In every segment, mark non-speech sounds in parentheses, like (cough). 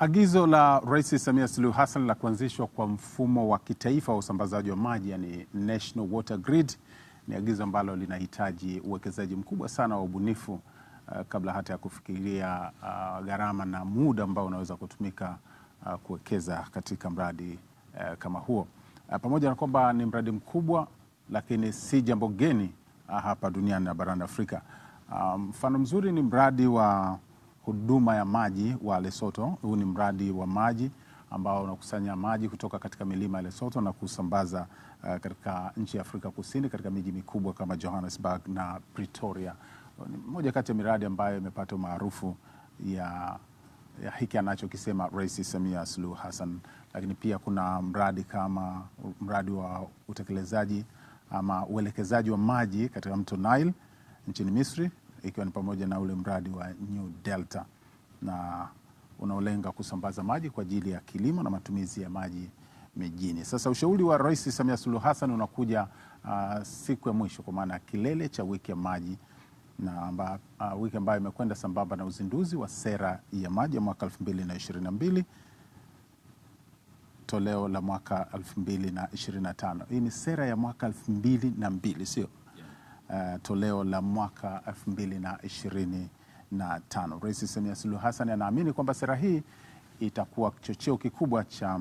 Agizo la Rais Samia Suluhu Hassan la kuanzishwa kwa mfumo wa kitaifa wa usambazaji wa maji yani National Water Grid ni agizo ambalo linahitaji uwekezaji mkubwa sana wa ubunifu uh, kabla hata ya kufikiria uh, gharama na muda ambao unaweza kutumika uh, kuwekeza katika mradi uh, kama huo uh, pamoja na kwamba ni mradi mkubwa, lakini si jambo geni uh, hapa duniani na barani Afrika. Uh, mfano um, mzuri ni mradi wa huduma ya maji wa Lesotho. Huu ni mradi wa maji ambao unakusanya maji kutoka katika milima ya Lesotho na kusambaza uh, katika nchi ya Afrika Kusini katika miji mikubwa kama Johannesburg na Pretoria. Ni moja kati ya miradi ambayo imepata maarufu ya, ya hiki anachokisema Rais Samia Suluhu Hassan, lakini pia kuna mradi kama mradi wa utekelezaji ama uelekezaji wa maji katika mto Nile nchini Misri ikiwa ni pamoja na ule mradi wa New Delta na unaolenga kusambaza maji kwa ajili ya kilimo na matumizi ya maji mijini. Sasa ushauri wa Rais Samia Suluhu Hassan unakuja uh, siku ya mwisho kwa maana ya kilele cha wiki ya maji na amba, uh, wiki ambayo imekwenda sambamba na uzinduzi wa sera ya maji ya mwaka 2022 toleo la mwaka 2025. Hii ni sera ya mwaka mbili sio uh, toleo la mwaka 2025. Rais Samia Suluhu Hassan anaamini kwamba sera hii itakuwa kichocheo kikubwa cha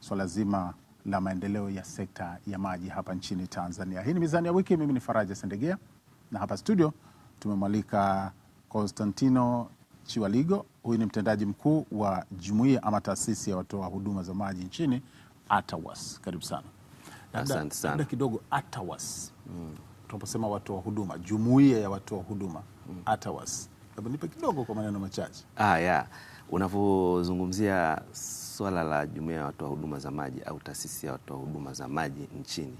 swala zima la maendeleo ya sekta ya maji hapa nchini Tanzania. Hii ni Mizani ya Wiki, mimi ni Faraja Sendegea na hapa studio tumemwalika Constantino Chiwaligo, huyu ni mtendaji mkuu wa jumuiya ama taasisi ya watoa huduma za maji nchini ATAWAS. Karibu sana. Asante sana. Kidogo ATAWAS. Mm tunaposema watu wa huduma, jumuiya ya watu wa huduma mm. ATAWAS, hebu nipe kidogo kwa maneno machache. Ah, yeah. Unavyozungumzia swala la jumuiya ya watu wa huduma za maji au taasisi ya watu wa huduma za maji nchini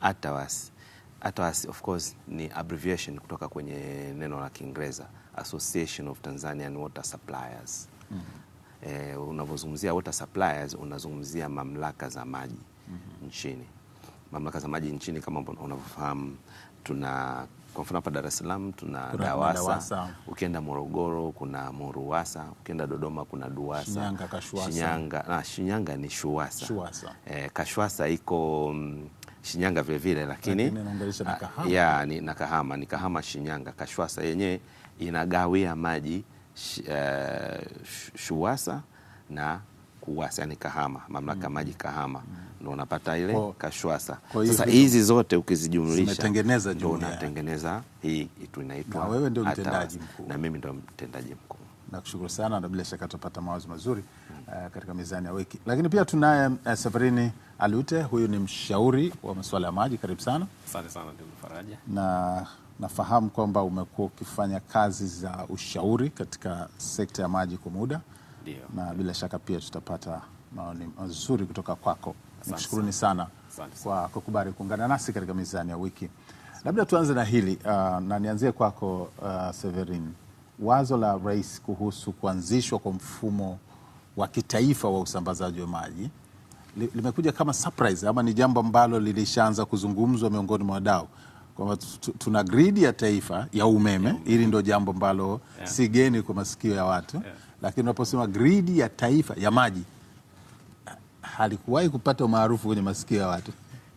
ATAWAS. ATAWAS of course ni abbreviation kutoka kwenye neno la Kiingereza Association of Tanzanian Water Suppliers. mm -hmm. Eh, unavyozungumzia water suppliers unazungumzia mamlaka za maji mm -hmm. nchini mamlaka za maji nchini kama unavyofahamu, tuna kwa mfano hapa Dar es Salaam tuna DAWASA, Ukienda Morogoro kuna MURUWASA, ukienda Dodoma kuna DUWASA. Shinyanga, Shinyanga, na, Shinyanga ni SHUWASA, SHUWASA. Eh, Kashwasa iko mm, Shinyanga vilevile lakini, lakini ah, ya, ni, na Kahama ni Kahama Shinyanga. Kashwasa yenyewe inagawia maji sh, uh, SHUWASA na KUWASA yani Kahama, mamlaka mm. maji Kahama mm. ndo unapata ile kwa, KASHWASA. Kwa sasa hizi zote ukizijumlisha ndio unatengeneza hii itu inaitwa. Na wewe ndio mtendaji mkuu, na mimi ndio mtendaji mkuu. Nakushukuru sana na bila shaka tutapata mawazo mazuri mm. uh, katika mizani ya wiki, lakini pia tunaye uh, Severini Alute, huyu ni mshauri wa masuala ya maji. Karibu sana. Asante sana ndugu Faraja, na nafahamu kwamba umekuwa ukifanya kazi za ushauri katika sekta ya maji kwa muda na bila shaka pia tutapata maoni mazuri kutoka kwako. Nikushukuruni sana kwa kukubali kuungana nasi katika Mizani ya Wiki. Labda tuanze na hili uh, na nianzie kwako uh, Severin, wazo la rais kuhusu kuanzishwa kwa mfumo wa kitaifa wa usambazaji wa maji limekuja kama surprise, ama ni jambo ambalo lilishaanza kuzungumzwa miongoni mwa wadau kwamba tuna gridi ya taifa ya umeme, ya umeme. Hili ndio jambo ambalo yeah. si geni kwa masikio ya watu yeah lakini unaposema gridi ya taifa ya maji halikuwahi kupata umaarufu kwenye masikio ya watu.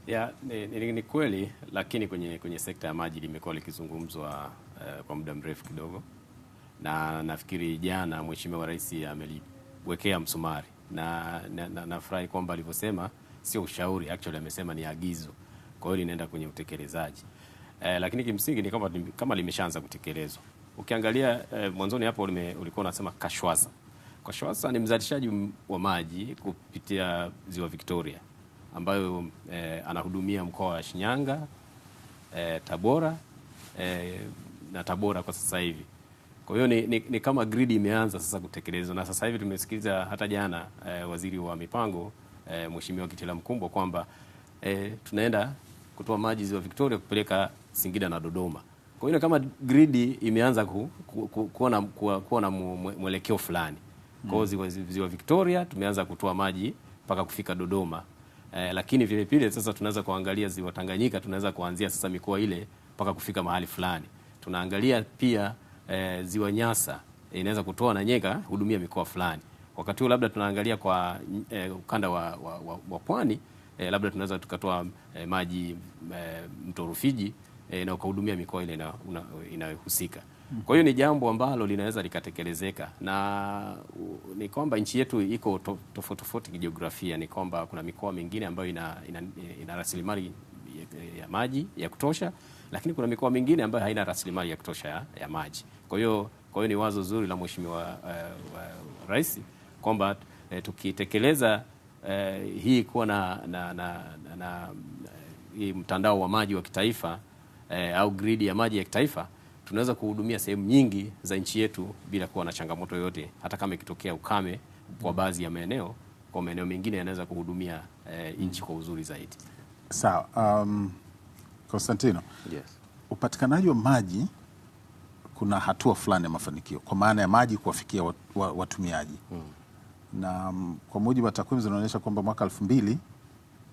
Yeah, ni, ni, ni kweli lakini kwenye, kwenye sekta ya maji limekuwa likizungumzwa uh, kwa muda mrefu kidogo, na nafikiri jana Mheshimiwa Rais ameliwekea msumari na nafurahi na, na kwamba alivyosema sio ushauri, actually amesema ni agizo, kwa hiyo linaenda kwenye utekelezaji uh, lakini kimsingi ni kama, kama limeshaanza kutekelezwa ukiangalia eh, mwanzoni hapo ulikuwa unasema Kashwaza. Kashwaza ni mzalishaji wa maji kupitia ziwa Victoria ambayo eh, anahudumia mkoa wa Shinyanga eh, Tabora eh, na Tabora kwa sasa hivi. Kwa hiyo ni, ni, ni kama gridi imeanza sasa kutekelezwa na sasa hivi tumesikiliza hata jana eh, waziri wa mipango eh, Mheshimiwa Kitila Mkumbo kwamba eh, tunaenda kutoa maji ziwa Victoria kupeleka Singida na Dodoma. Kwa hiyo kama gridi imeanza ku, ku, ku, kuona, ku, kuona mwelekeo fulani. Kwa hiyo mm. ziwa, ziwa Victoria tumeanza kutoa maji mpaka kufika Dodoma. Eh, lakini vile vile sasa tunaweza kuangalia ziwa Tanganyika, tunaweza kuanzia sasa mikoa ile mpaka kufika mahali fulani. Tunaangalia pia eh, ziwa Nyasa eh, inaweza kutoa na nyeka hudumia mikoa fulani. Wakati huo labda tunaangalia kwa eh, ukanda wa, wa, wa, wa pwani eh, labda tunaweza tukatoa eh, maji eh, mto Rufiji e, na ukahudumia mikoa ile inayohusika. Kwa hiyo ni jambo ambalo linaweza likatekelezeka, na ni kwamba nchi yetu iko tofauti tofauti kijiografia. Ni kwamba kuna mikoa mingine ambayo ina, ina, ina rasilimali ya maji ya kutosha, lakini kuna mikoa mingine ambayo haina rasilimali ya kutosha ya, ya maji. Kwa hiyo kwa hiyo ni wazo zuri la Mheshimiwa uh, uh, Rais kwamba uh, tukitekeleza uh, hii kuwa na, na, na, na, na hii mtandao wa maji wa kitaifa eh, au gridi ya maji ya kitaifa tunaweza kuhudumia sehemu nyingi za nchi yetu bila kuwa na changamoto yoyote. Hata kama ikitokea ukame kwa baadhi ya maeneo, kwa maeneo mengine yanaweza kuhudumia eh, nchi kwa uzuri zaidi. Sawa. Um, Konstantino, yes. Upatikanaji wa maji kuna hatua fulani ya mafanikio kwa maana ya maji kuwafikia watumiaji mm. Na um, kwa mujibu wa takwimu zinaonyesha kwamba mwaka elfu mbili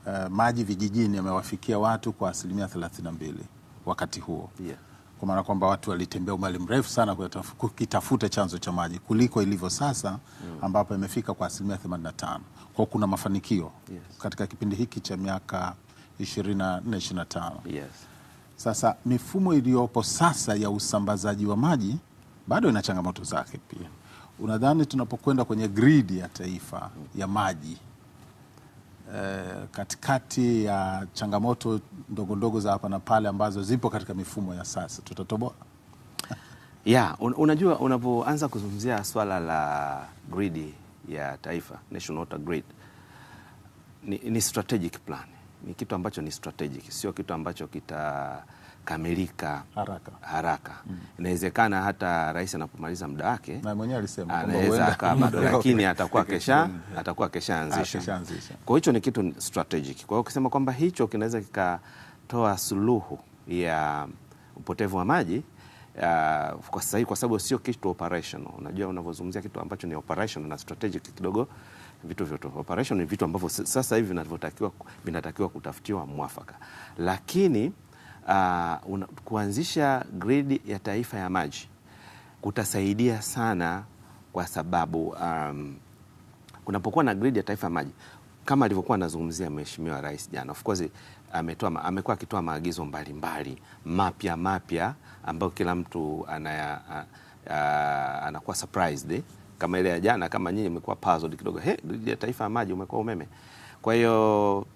uh, maji vijijini yamewafikia watu kwa asilimia thelathini na mbili wakati huo yeah. Kwa maana kwamba watu walitembea umbali mrefu sana kukitafuta chanzo cha maji kuliko ilivyo sasa mm. ambapo imefika kwa asilimia 85. Kwa kuna mafanikio yes. katika kipindi hiki cha miaka 24 25. Yes. Sasa mifumo iliyopo sasa ya usambazaji wa maji bado ina changamoto zake pia. Unadhani tunapokwenda kwenye gridi ya taifa ya maji Eh, katikati ya changamoto ndogo ndogo za hapa na pale ambazo zipo katika mifumo ya sasa tutatoboa? (laughs) Yeah, unajua unapoanza kuzungumzia swala la gridi ya taifa, national water grid ni, ni strategic plan, ni kitu ambacho ni strategic, sio kitu ambacho kita kukamilika haraka, haraka. Mm. Inawezekana hata rais anapomaliza muda wake anaweza mwenyewe bado, lakini atakuwa kesha (laughs) mm. atakuwa kesha anzisha. Ah, kwa hiyo hicho ni kitu strategic. Kwa hiyo ukisema kwamba hicho kinaweza kikatoa suluhu ya upotevu wa maji Uh, kwa sasa kwa sababu sio kitu operational. Unajua, unavyozungumzia kitu ambacho ni operational na strategic kidogo vitu vyote. operation ni vitu ambavyo sasa hivi vinavyotakiwa vinatakiwa kutafutiwa mwafaka, lakini uh, una, kuanzisha gridi ya taifa ya maji kutasaidia sana kwa sababu um, kunapokuwa na gridi ya taifa ya maji kama alivyokuwa anazungumzia Mheshimiwa Rais jana, of course ametoa amekuwa akitoa maagizo mbalimbali mapya mapya ambayo kila mtu anaya, a, a, anakuwa surprised eh? kama ile ya jana, kama nyinyi imekuwa puzzled kidogo, he gridi ya taifa ya maji umekuwa umeme. Kwa hiyo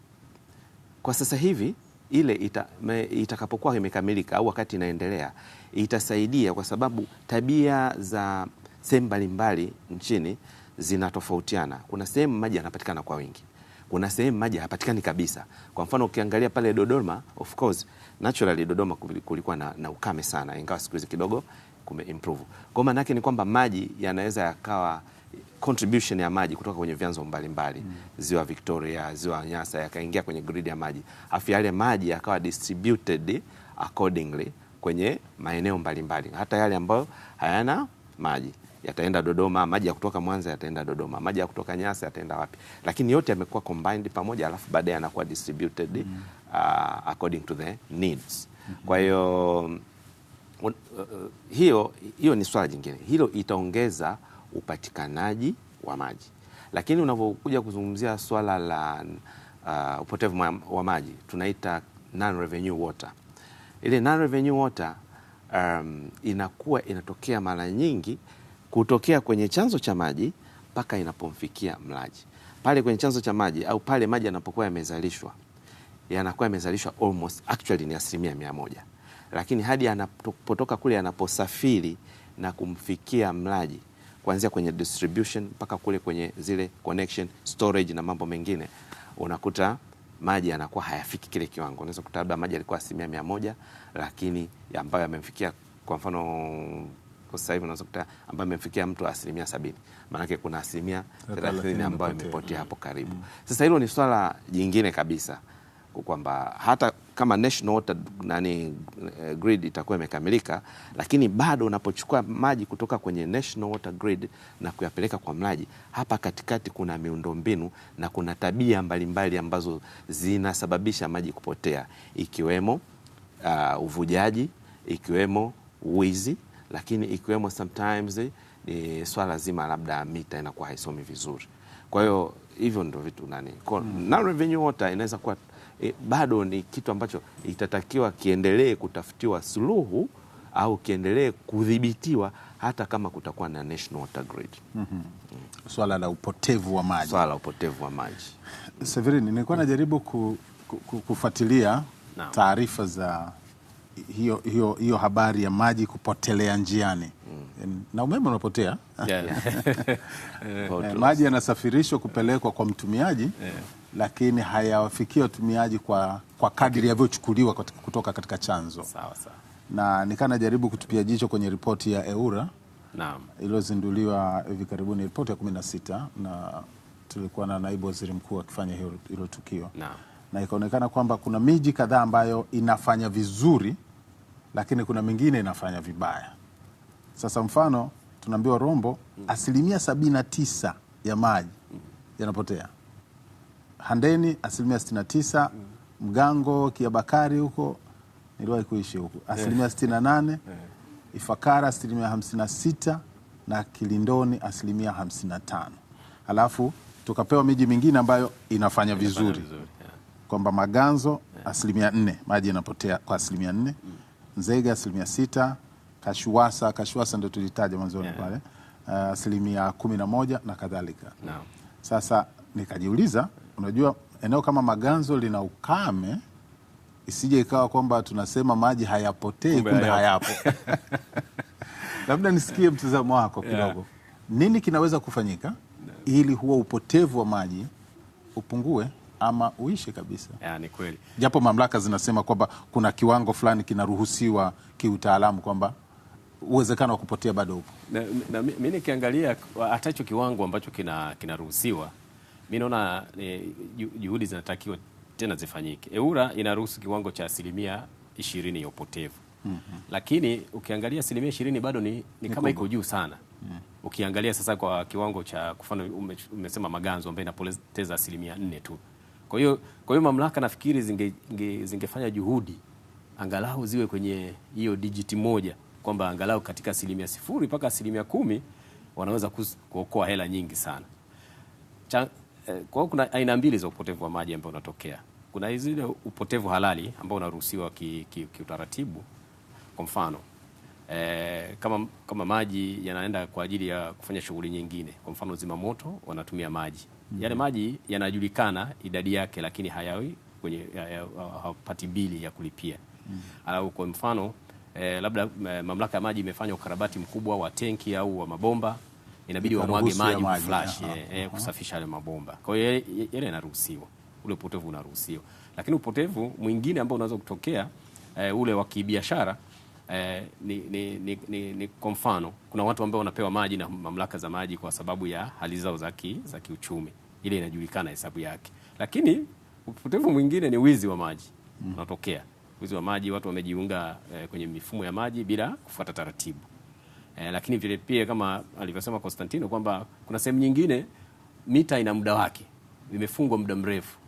kwa sasa hivi ile ita, me, itakapokuwa imekamilika au wakati inaendelea itasaidia, kwa sababu tabia za sehemu mbalimbali nchini zinatofautiana. Kuna sehemu maji yanapatikana kwa wingi, kuna sehemu maji hapatikani kabisa. Kwa mfano ukiangalia pale Dodoma, of course naturally Dodoma kulikuwa na, na ukame sana, ingawa siku hizi kidogo kumeimprove. Kwa maana yake ni kwamba maji yanaweza yakawa contribution ya maji kutoka kwenye vyanzo mbalimbali Mm. Ziwa Victoria, ziwa Nyasa yakaingia kwenye grid ya maji, afu yale maji yakawa distributed accordingly kwenye maeneo mbalimbali mbali. Hata yale ambayo hayana maji yataenda Dodoma, maji ya kutoka Mwanza yataenda Dodoma, maji ya kutoka Nyasa yataenda wapi, lakini yote yamekuwa combined pamoja, alafu baadaye yanakuwa distributed mm. uh, according to the needs mm -hmm. Kwa hiyo uh, uh, hiyo hiyo ni swala jingine, hilo itaongeza upatikanaji wa maji. Lakini unavyokuja kuzungumzia swala la uh, upotevu wa maji tunaita non revenue water. Ile non revenue water um, inakuwa inatokea mara nyingi kutokea kwenye chanzo cha maji mpaka inapomfikia mlaji pale kwenye chanzo cha maji au pale maji yanapokuwa yamezalishwa yanakuwa yamezalishwa almost actually ni asilimia mia moja, lakini hadi anapotoka kule anaposafiri na kumfikia mlaji kuanzia kwenye distribution mpaka kule kwenye zile connection, storage na mambo mengine, unakuta maji yanakuwa hayafiki kile kiwango. Unaweza kukuta labda maji yalikuwa asilimia mia moja lakini ambayo yamemfikia kwa mfano sasa hivi unaweza kukuta ambayo imefikia mtu asilimia sabini maanake kuna asilimia thelathini ambayo imepotea hapo karibu. Mm. Sasa hilo ni swala jingine kabisa, kwamba hata kama national water nani eh, grid itakuwa imekamilika, lakini bado unapochukua maji kutoka kwenye national water grid na kuyapeleka kwa mlaji, hapa katikati kuna miundombinu na kuna tabia mbalimbali mbali ambazo zinasababisha maji kupotea, ikiwemo uh, uvujaji, ikiwemo wizi, lakini ikiwemo sometimes ni swala zima labda mita inakuwa haisomi vizuri. Kwa hiyo hivyo ndio vitu nani, Na hmm. revenue water inaweza kuwa e, bado ni kitu ambacho itatakiwa kiendelee kutafutiwa suluhu au kiendelee kudhibitiwa hata kama kutakuwa na national water grid. mm -hmm. mm. Swala la upotevu wa maji, swala la upotevu wa maji. Severini, nilikuwa mm. najaribu ku, ku, ku, kufuatilia no. taarifa za hiyo, hiyo, hiyo habari ya maji kupotelea njiani mm. Yaani, na umeme unapotea yeah. (laughs) (laughs) Eh, maji yanasafirishwa kupelekwa kwa mtumiaji yeah lakini hayawafikia watumiaji kwa, kwa kadiri yavyochukuliwa kutoka katika chanzo sawa, sawa. Na nikaa najaribu kutupia jicho kwenye ripoti ya EWURA iliyozinduliwa hivi karibuni, ripoti ya 16 na tulikuwa na naibu waziri mkuu akifanya hilo tukio na, na ikaonekana kwamba kuna miji kadhaa ambayo inafanya vizuri, lakini kuna mingine inafanya vibaya. Sasa mfano tunaambiwa Rombo, asilimia 79 ya maji yanapotea Handeni asilimia mm. Mgango Kiabakari huko niliwahi kuishi huko eh. asilimia 68, eh. Ifakara asilimia 56 na Kilindoni asilimia tano Alafu tukapewa miji mingine ambayo inafanya vizuri, vizuri yeah. kwamba Maganzo yeah. asilimia nne maji inapotea kwa asilimia nne mm. Nzega asilimia sita Kashuwasa Kashuwasa ndo tulitaja mwanzoni yeah. pale eh, asilimia uh, moja na kadhalika no. Sasa nikajiuliza unajua eneo kama Maganzo lina ukame, isije ikawa kwamba tunasema maji hayapotei, kumbe, kumbe hayapo. (laughs) Labda nisikie mtazamo wako kidogo yeah. Nini kinaweza kufanyika ili huo upotevu wa maji upungue ama uishe kabisa? Yeah, ni kweli, japo mamlaka zinasema kwamba kuna kiwango fulani kinaruhusiwa kiutaalamu kwamba uwezekano wa kupotea bado upo. Mi nikiangalia hata hicho kiwango ambacho kinaruhusiwa kina mi naona eh, juhudi zinatakiwa tena zifanyike. EWURA inaruhusu kiwango cha asilimia ishirini ya upotevu mm -hmm. Lakini ukiangalia asilimia ishirini bado ni, ni kama iko juu sana mm -hmm. Ukiangalia sasa kwa kiwango cha kufano ume, umesema Maganzo ambaye inapoteza asilimia nne tu. Kwa hiyo kwa hiyo mamlaka nafikiri zinge, zinge, zingefanya juhudi angalau ziwe kwenye hiyo dijiti moja kwamba angalau katika asilimia sifuri mpaka asilimia kumi wanaweza kuokoa hela nyingi sana Eh, kwa hiyo kuna aina mbili za upotevu wa maji ambao unatokea. Kuna zile upotevu halali ambao unaruhusiwa kiutaratibu ki, ki kwa mfano e, kama, kama maji yanaenda kwa ajili ya kufanya shughuli nyingine, kwa mfano zimamoto wanatumia maji mm. yale mm-hmm. maji yanajulikana idadi yake, lakini hayawi kwenye hapati bili ya kulipia mm. Mm-hmm. Alafu kwa mfano e, labda mamlaka ya maji imefanya ukarabati mkubwa wa tenki au wa mabomba inabidi wamwage maji kuflash eh, eh kusafisha yale mabomba. Kwa hiyo yale yanaruhusiwa, ule upotevu unaruhusiwa, lakini upotevu mwingine ambao unaweza kutokea eh, ule wa kibiashara eh, ni, ni, ni, ni, ni kwa mfano kuna watu ambao wanapewa maji na mamlaka za maji kwa sababu ya hali zao za za kiuchumi, ile inajulikana hesabu yake, lakini upotevu mwingine ni wizi wa maji mm. unatokea. Mm. Wizi wa maji, watu wamejiunga eh, kwenye mifumo ya maji bila kufuata taratibu eh, lakini vile pia kama alivyosema Konstantino kwamba kuna sehemu nyingine mita ina muda wake, imefungwa muda mrefu,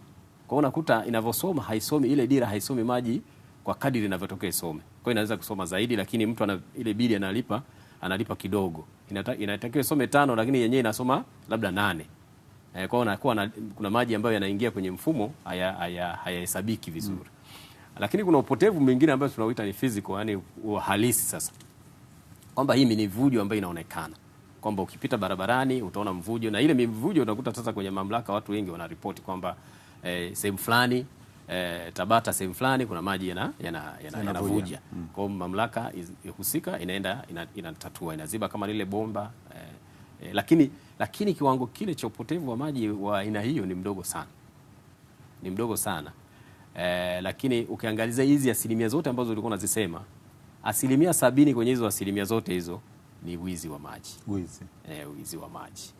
kwa unakuta inavyosoma haisomi ile dira haisomi maji kwa kadiri inavyotokea isome. Kwa hiyo inaweza kusoma zaidi, lakini mtu ana ile bili analipa analipa kidogo, inatakiwa isome tano, lakini yenyewe inasoma labda nane eh, kwa hiyo unakuwa kuna maji ambayo yanaingia kwenye mfumo hayahesabiki haya, haya vizuri mm. Lakini kuna upotevu mwingine ambao tunauita ni physical, yani uhalisi sasa kwamba hii ni vujo ambayo inaonekana kwamba ukipita barabarani utaona mvujo, na ile mivujo utakuta sasa kwenye mamlaka watu wengi wanaripoti kwamba eh, sehemu fulani eh, Tabata sehemu fulani kuna maji yanavuja yana, yana, yana yana mm. Kwa hiyo mamlaka husika inaenda inatatua ina inaziba kama lile bomba eh, eh, lakini, lakini kiwango kile cha upotevu wa maji wa aina hiyo ni mdogo sana, ni mdogo sana eh, lakini ukiangalia hizi asilimia zote ambazo ulikuwa unazisema asilimia sabini kwenye hizo asilimia zote hizo ni wizi wa maji, wizi, eh, wizi wa maji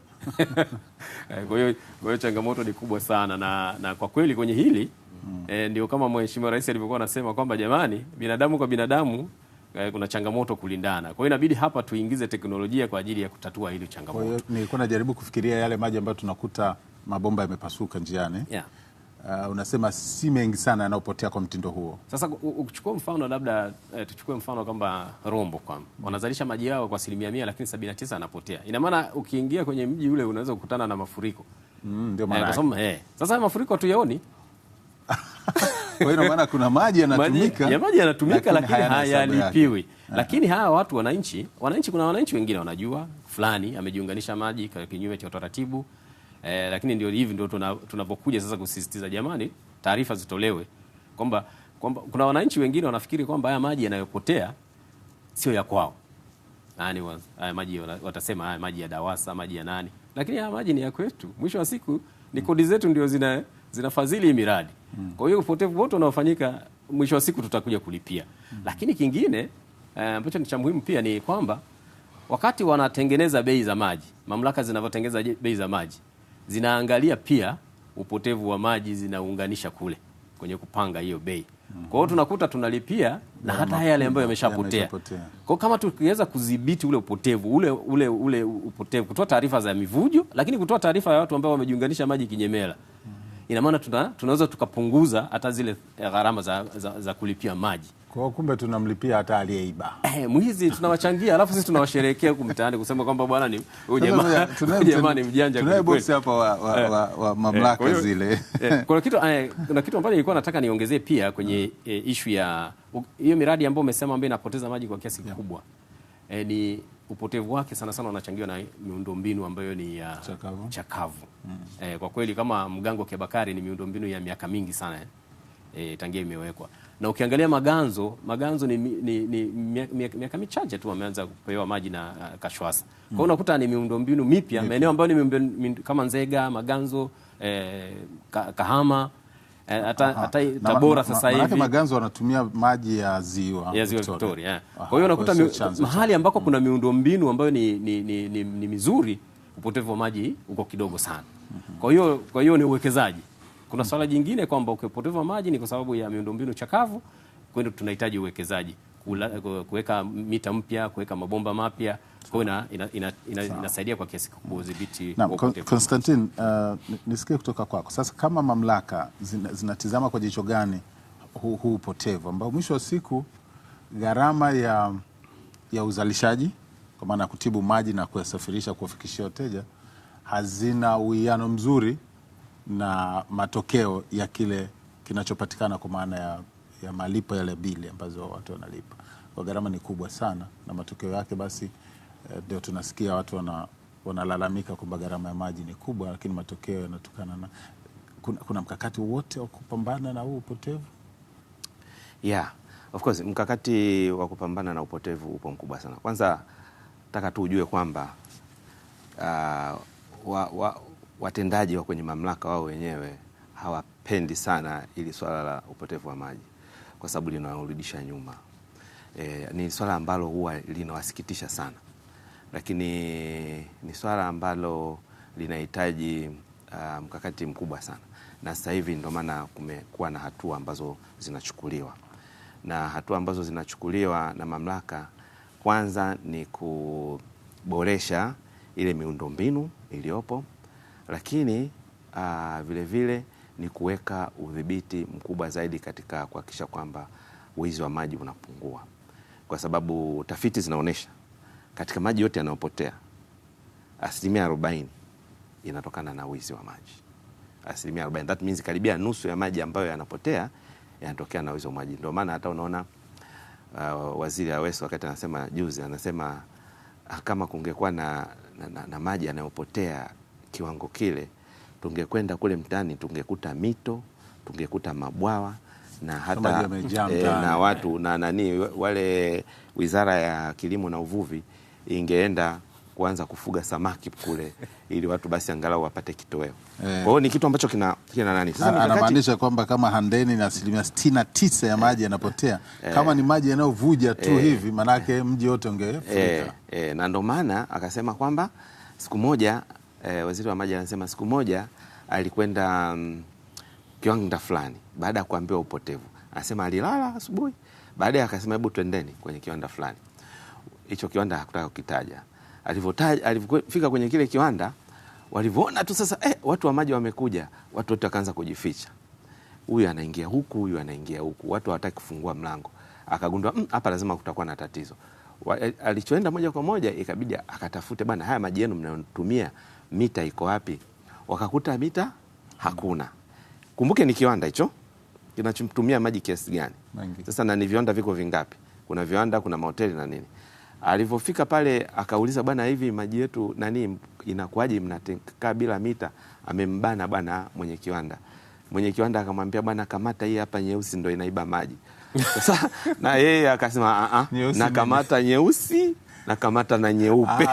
(laughs) eh, kwa hiyo changamoto ni kubwa sana na, na kwa kweli kwenye hili mm. eh, ndio kama Mheshimiwa Rais alivyokuwa anasema kwamba jamani, binadamu kwa binadamu eh, kuna changamoto kulindana. Kwa hiyo inabidi hapa tuingize teknolojia kwa ajili ya kutatua hili changamoto. Kwa hiyo nilikuwa najaribu kufikiria yale maji ambayo tunakuta mabomba yamepasuka njiani, yeah. Uh, unasema si mengi sana yanayopotea kwa mtindo huo. Sasa ukichukua mfano labda e, tuchukue mfano kwamba Rombo kwa wanazalisha maji yao kwa asilimia mia, lakini sabini na tisa yanapotea. Ina maana ukiingia kwenye mji ule unaweza kukutana na mafuriko mm, ndio eh, maana e, kusoma, e. Sasa mafuriko tuyaoni (laughs) kwa hiyo maana kuna (laughs) maji yanatumika ya maji yanatumika lakini hayalipiwi. Lakini hawa watu wananchi, wananchi, kuna wananchi wengine wanajua fulani amejiunganisha maji kinyume cha utaratibu eh, lakini ndio hivi ndio tunapokuja sasa kusisitiza jamani, taarifa zitolewe kwamba kwamba kuna wananchi wengine wanafikiri kwamba haya maji yanayopotea sio ya kwao. Nani wa, haya maji watasema haya maji ya DAWASA, maji ya nani, lakini haya maji ni ya kwetu. Mwisho wa siku ni kodi zetu ndio zina zinafadhili miradi. Mm. Kwa hiyo upotevu wote unaofanyika mwisho wa siku tutakuja kulipia. Mm. Lakini kingine eh, ambacho eh, ni cha muhimu pia ni kwamba wakati wanatengeneza bei za maji, mamlaka zinavyotengeneza bei za maji zinaangalia pia upotevu wa maji, zinaunganisha kule kwenye kupanga hiyo bei. Mhm. Kwa hiyo tunakuta tunalipia na hata yale ambayo yameshapotea. Kwa kama tukiweza kudhibiti ule upotevu ule, ule, ule upotevu, kutoa taarifa za mivujo, lakini kutoa taarifa ya watu ambao wamejiunganisha maji kinyemela, mhm. ina maana tuna, tunaweza tukapunguza hata zile eh, gharama za, za, za kulipia maji. Kwa kumbe tunamlipia hata aliyeiba. Eh, mwizi tunawachangia, alafu sisi tunawasherehekea huku mtaani kusema kwamba bwana ni ujamaa. jamaa ni mjanja. Tunaye bosi hapa wa, wa, wa, eh, wa mamlaka eh, zile eh, kuna kitu eh, kuna kitu ambacho nilikuwa nataka niongezee pia kwenye eh, ishu ya hiyo miradi ambayo umesema ambayo inapoteza maji kwa kiasi kikubwa yeah. eh, ni upotevu wake sana sana unachangiwa na miundombinu ambayo ni ya uh, chakavu, chakavu. Mm. Eh, kwa kweli kama Mgango Kebakari ni miundombinu ya miaka mingi sana eh e, tangia imewekwa. Na ukiangalia Maganzo, Maganzo ni, ni, ni miaka michache tu ameanza kupewa maji na uh, Kashwasa. Kwa hiyo hmm. unakuta ni miundombinu mipya maeneo ambayo ni kama Nzega, Maganzo, e, Kahama hata e, Tabora sasa hivi. Maganzo wanatumia maji ya ziwa ya ziwa Victoria. Yeah. Kwa hiyo unakuta mahali ambako mm. kuna hmm. miundombinu ambayo ni, ni, ni, ni, ni mizuri upotevu wa maji uko kidogo sana. Hmm. Kwa hiyo kwa hiyo ni uwekezaji kuna mm. swala jingine kwamba ukipoteza maji ni kwa sababu ya miundombinu chakavu, kwenda tunahitaji uwekezaji kuweka mita mpya, kuweka mabomba mapya, kwa hiyo ina, ina, ina, inasaidia kwa kiasi kudhibiti. Konstantin, uh, nisikie kutoka kwako sasa, kama mamlaka zina, zinatizama kwa jicho gani huu hu upotevu ambao mwisho wa siku gharama ya, ya uzalishaji kwa maana ya kutibu maji na kuyasafirisha kuwafikishia wateja hazina uwiano mzuri na matokeo ya kile kinachopatikana kwa maana ya, ya malipo yale bili ambazo watu wanalipa kwa gharama ni kubwa sana, na matokeo yake basi eh, ndio e, tunasikia watu wana, wanalalamika kwamba gharama ya maji ni kubwa, lakini matokeo yanatokana na kuna, kuna mkakati wote wa kupambana na huu upotevu? Yeah, of course mkakati wa kupambana na upotevu upo mkubwa sana. Kwanza nataka tu ujue kwamba uh, wa, wa, watendaji wa kwenye mamlaka wao wenyewe hawapendi sana ili swala la upotevu wa maji kwa sababu linawarudisha nyuma. E, ni swala ambalo huwa linawasikitisha sana, lakini ni swala ambalo linahitaji uh, mkakati mkubwa sana, na sasa hivi ndio maana kumekuwa na hatua ambazo zinachukuliwa na hatua ambazo zinachukuliwa na mamlaka. Kwanza ni kuboresha ile miundombinu iliyopo lakini uh, vile vile ni kuweka udhibiti mkubwa zaidi katika kuhakikisha kwamba wizi wa maji unapungua, kwa sababu tafiti zinaonyesha katika maji yote yanayopotea asilimia 40 inatokana na wizi wa maji, asilimia 40. That means karibia nusu ya maji ambayo yanapotea yanatokea na wizi wa maji. Ndio maana hata unaona uh, waziri Aweso wakati anasema juzi, anasema ah, kama kungekuwa na, na, na, na maji yanayopotea kiwango kile, tungekwenda kule mtaani tungekuta mito, tungekuta mabwawa na hata e, na watu na nani wale, wizara ya kilimo na uvuvi ingeenda kuanza kufuga samaki kule ili watu basi angalau wapate kitoweo. Eh. Kwa hiyo ni kitu ambacho kina, kina nani sasa, anamaanisha kwamba kama Handeni na asilimia sitini na tisa ya maji yanapotea e, kama ni maji yanayovuja tu e, hivi manake mji wote ungefurika e, e, na ndio maana akasema kwamba siku moja eh, waziri wa maji anasema siku moja alikwenda um, kiwanda fulani baada ya kuambiwa upotevu. Anasema alilala asubuhi, baadaye akasema hebu twendeni kwenye kiwanda fulani. Hicho kiwanda hakutaka kukitaja. Alivyotaja, alivyofika kwenye kile kiwanda walivyoona tu sasa, eh, watu wa maji wamekuja, watu wote wakaanza kujificha, huyu anaingia huku, huyu anaingia huku, watu hawataki kufungua mlango. Akagundua mm, hapa, mm, lazima kutakuwa na tatizo. Eh, alichoenda moja kwa moja, ikabidi akatafute bana, haya maji yenu mnayotumia mita iko wapi? Wakakuta mita hakuna. Kumbuke ni kiwanda hicho kinachotumia maji kiasi gani? Sasa na ni viwanda viko vingapi? Kuna viwanda, kuna mahoteli na nini. Alivyofika pale akauliza, bwana, hivi maji yetu nani inakuwaje, mnakaa bila mita? Amembana bwana mwenye kiwanda mwenye kiwanda akamwambia, bwana, kamata hii hapa nyeusi, ndo inaiba maji. (laughs) Sasa na yeye akasema, ah, ah, ah, nakamata nyeusi na kamata na nyeupe (laughs)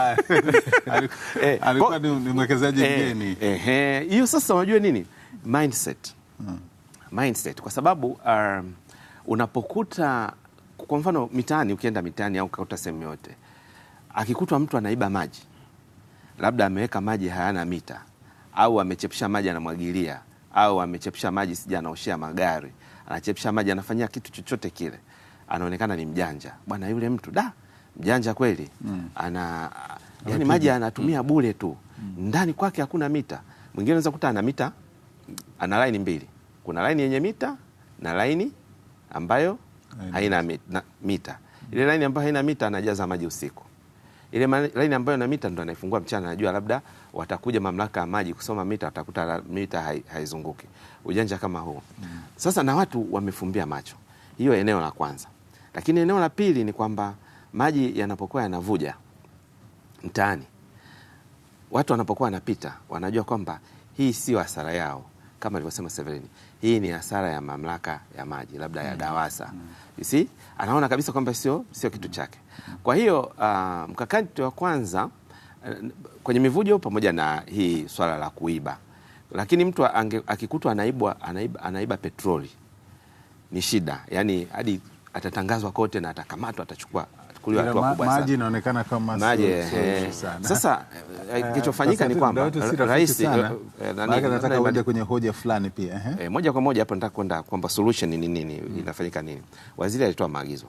alikuwa eh, ni mwekezaji eh, mgeni. Ehe, hiyo sasa unajua nini mindset. Hmm. Mindset kwa sababu um, unapokuta kwa mfano mitaani, ukienda mitaani au kauta sehemu yote, akikutwa mtu anaiba maji, labda ameweka maji hayana mita, au amechepsha maji anamwagilia, au amechepsha maji sija anaoshea magari, anachepsha maji anafanyia kitu chochote kile, anaonekana ni mjanja bwana. Yule mtu da mjanja kweli mm. ana yani maji anatumia mm. bure tu mm. ndani kwake hakuna mita. Mwingine anaweza kuta ana mita, ana line mbili, kuna line yenye mita na line ambayo haina mita, mita. Mm. Ile line ambayo haina mita anajaza maji usiku ile laini ambayo na mita ndo anaifungua mchana, anajua labda watakuja mamlaka ya maji kusoma mita, watakuta mita haizunguki. Ujanja kama huu mm. Sasa na watu wamefumbia macho, hiyo eneo la kwanza. Lakini eneo la pili ni kwamba maji yanapokuwa yanavuja mtaani, watu wanapokuwa wanapita wanajua kwamba hii sio hasara yao, kama alivyosema Severini, hii ni hasara ya mamlaka ya maji, labda ya mm. DAWASA. Mm. You see, anaona kabisa kwamba sio sio kitu chake. Kwa hiyo uh, mkakati wa kwanza uh, kwenye mivujo pamoja na hii swala la kuiba, lakini mtu akikutwa anaibwa anaiba, anaiba petroli ni shida, yaani hadi atatangazwa kote na atakamatwa, atachukua kuchukuliwa hatua kubwa sana. Maji inaonekana kama maji eh, eh. sana. (laughs) Sasa eh, kilichofanyika ni kwamba rais nataka kwenye hoja fulani pia eh, moja kwa moja hapa nataka kwenda kwamba solution ni nini, mm. inafanyika nini. Waziri alitoa maagizo,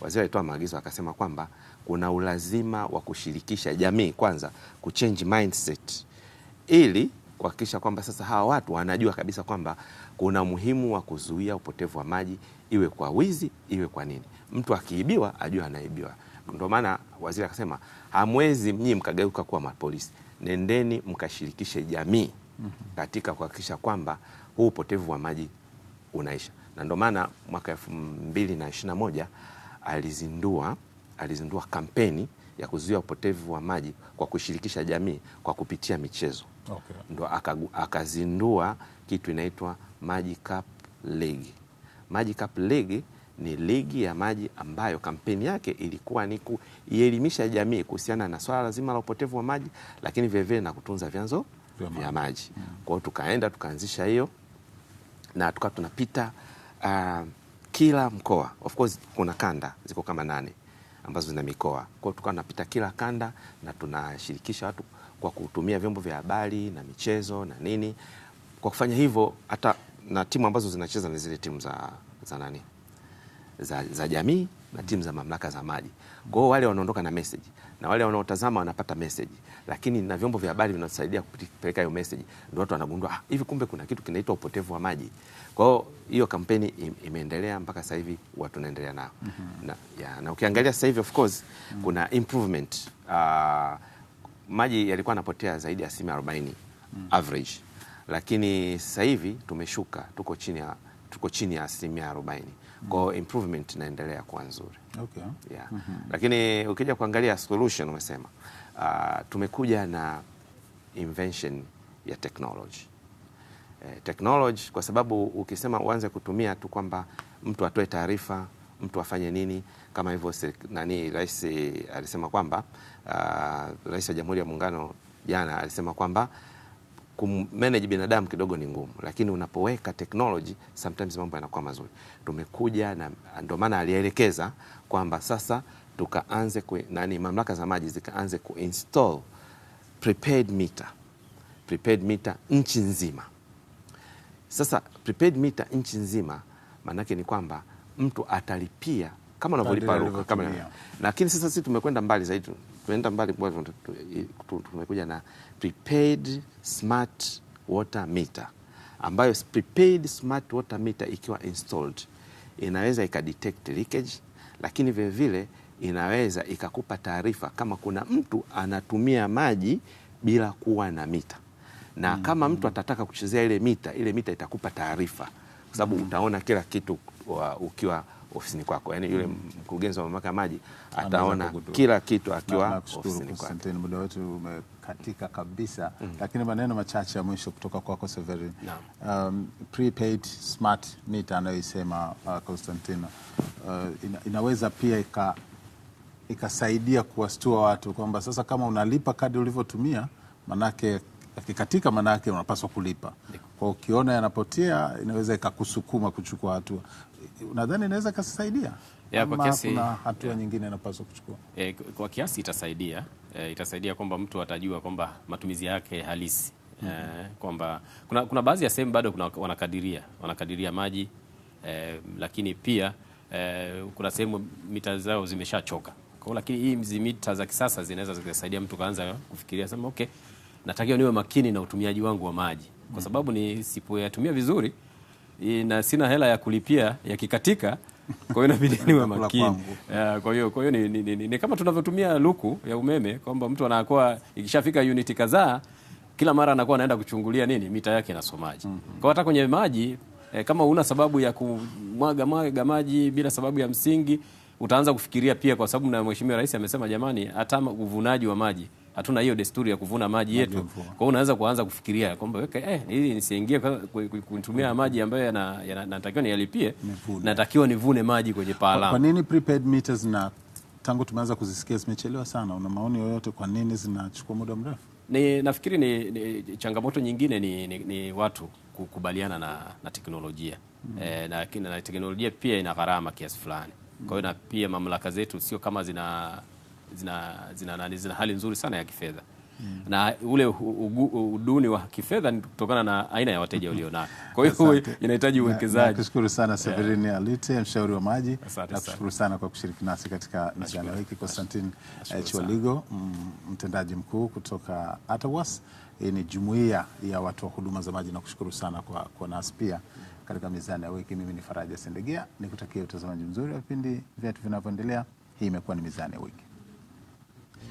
waziri alitoa maagizo akasema kwamba kuna ulazima wa kushirikisha jamii kwanza, kuchange mindset ili kuhakikisha kwamba sasa hawa watu wanajua kabisa kwamba kuna umuhimu wa kuzuia upotevu wa maji, iwe kwa wizi, iwe kwa nini mtu akiibiwa ajue anaibiwa. Ndio maana waziri akasema hamwezi mnyi mkageuka kuwa mapolisi, nendeni mkashirikishe jamii mhm. katika kuhakikisha kwamba huu upotevu wa maji unaisha, na ndio maana mwaka elfu mbili na ishirini na moja alizindua alizindua kampeni ya kuzuia upotevu wa maji kwa kushirikisha jamii kwa kupitia michezo okay. Ndo akazindua kitu inaitwa Maji Cup League. Maji Cup League ni ligi ya maji ambayo kampeni yake ilikuwa ni kuielimisha jamii kuhusiana na swala zima la upotevu wa maji, lakini vilevile na kutunza vyanzo vya maji, maji. Mm. Kwa hiyo tukaenda tukaanzisha hiyo na tukawa tunapita uh, kila mkoa. Of course kuna kanda ziko kama nane ambazo zina mikoa, kwa hiyo tukawa tunapita kila kanda na tunashirikisha watu kwa kutumia vyombo vya habari na michezo na nini. Kwa kufanya hivyo hata na timu ambazo zinacheza ni zile timu za, za nani za, za jamii na timu za mamlaka za maji. Kwa hiyo wale wanaondoka na message na wale wanaotazama wanapata message, lakini na vyombo vya habari vinasaidia kupeleka hiyo message, ndio watu wanagundua ah, hivi kumbe kuna kitu kinaitwa upotevu wa maji. Kwa hiyo hiyo kampeni imeendelea mpaka sasa hivi watu wanaendelea nao mm -hmm. na, ya, na ukiangalia sasa hivi of course mm -hmm. kuna improvement uh, maji yalikuwa yanapotea zaidi ya asilimia 40 mm -hmm. average, lakini sasa hivi tumeshuka, tuko chini ya tuko chini ya asilimia arobaini kwa improvement inaendelea kuwa nzuri okay. yeah. mm -hmm. Lakini ukija kuangalia solution umesema, uh, tumekuja na invention ya technology eh, technology kwa sababu ukisema uanze kutumia tu kwamba mtu atoe taarifa mtu afanye nini, kama hivyo nani rais eh, alisema kwamba uh, rais wa Jamhuri ya Muungano jana alisema kwamba kummanage binadamu kidogo ni ngumu, lakini unapoweka technology sometimes mambo yanakuwa mazuri. Tumekuja na ndio maana alielekeza kwamba sasa tukaanze kwe, nani mamlaka za maji zikaanze kuinstall prepared meter. prepared meter nchi nzima. Sasa prepared meter nchi nzima maanake ni kwamba mtu atalipia kama unavyolipa, lakini sasa sisi tumekwenda mbali zaidi tunaenda mbali bwana, tumekuja na prepaid smart water meter ambayo prepaid smart water meter ikiwa installed inaweza ikadetect leakage, lakini vilevile inaweza ikakupa taarifa kama kuna mtu anatumia maji bila kuwa na mita na mm. Kama mtu atataka kuchezea ile mita, ile mita itakupa taarifa kwa sababu mm. Utaona kila kitu wa, ukiwa ofisini kwako, yaani yule mm. mkurugenzi wa mamlaka ya maji ataona kila kitu akiwa ofisini kwako. Muda wetu umekatika kabisa mm Lakini maneno machache ya mwisho kutoka kwako Severin, um, prepaid smart meter anayoisema uh, Constantino uh, uh, ina, inaweza pia ika ikasaidia kuwastua watu kwamba sasa kama unalipa kadi ulivyotumia, manake akikatika, manake unapaswa kulipa. Kwa ukiona yanapotea, inaweza ikakusukuma kuchukua hatua unadhani inaweza kasaidia ya, kwa kiasi, kuna hatua ya, nyingine inapaswa kuchukua e, kwa kiasi itasaidia e, itasaidia kwamba mtu atajua kwamba matumizi yake halisi mm -hmm. e, kwamba kuna, kuna baadhi ya sehemu bado kuna, wanakadiria wanakadiria maji e, lakini pia e, kuna sehemu mita zao zimeshachoka kwa, lakini hii mita za kisasa zinaweza zikasaidia mtu kaanza kufikiria sema okay, natakiwa niwe makini na utumiaji wangu wa maji kwa mm-hmm. sababu nisipoyatumia vizuri na sina hela ya kulipia yakikatika, kwa hiyo inabidi niwe makini. Kwa hiyo kwa hiyo ni, ni, ni, ni, ni kama tunavyotumia luku ya umeme kwamba mtu anakuwa ikishafika uniti kadhaa kila mara anakuwa anaenda kuchungulia nini mita yake inasomaje. mm -hmm. Kwa hata kwenye maji eh, kama una sababu ya kumwaga mwaga maji bila sababu ya msingi utaanza kufikiria pia, kwa sababu na Mheshimiwa Rais amesema jamani, hata uvunaji wa maji hatuna hiyo desturi ya kuvuna maji yetu. Kwa hiyo unaweza kuanza kufikiria kwamba weka eh, hili nisiingie kutumia maji ambayo yanatakiwa niyalipie, natakiwa nivune maji kwenye paa Kwa nini prepaid meters na tangu tumeanza kuzisikia zimechelewa sana? Una maoni yoyote kwa nini zinachukua muda mrefu? Ni, nafikiri ni, ni changamoto nyingine ni, ni, ni watu kukubaliana na, na teknolojia mm. E, na, na teknolojia pia ina gharama kiasi fulani mm. Kwa hiyo na pia mamlaka zetu sio kama zina zina, zina, zina, zina hali nzuri sana ya kifedha mm. na ule uduni wa kifedha ni kutokana na aina ya wateja ulionao. Kwa hiyo inahitaji uwekezaji. Nakushukuru sana eh. Severini yeah. Alite, mshauri wa maji. Nakushukuru sana kwa kushiriki nasi katika mjadala wiki. Konstantin eh, Chwaligo, mtendaji mkuu kutoka ATAWAS, hii ni jumuiya ya watu wa huduma za maji. Nakushukuru sana kwa kuwa nasi pia katika mizani ya wiki. Mimi ni Faraja Sendegea, nikutakia utazamaji mzuri wa vipindi vyetu vinavyoendelea. Hii imekuwa ni mizani ya wiki.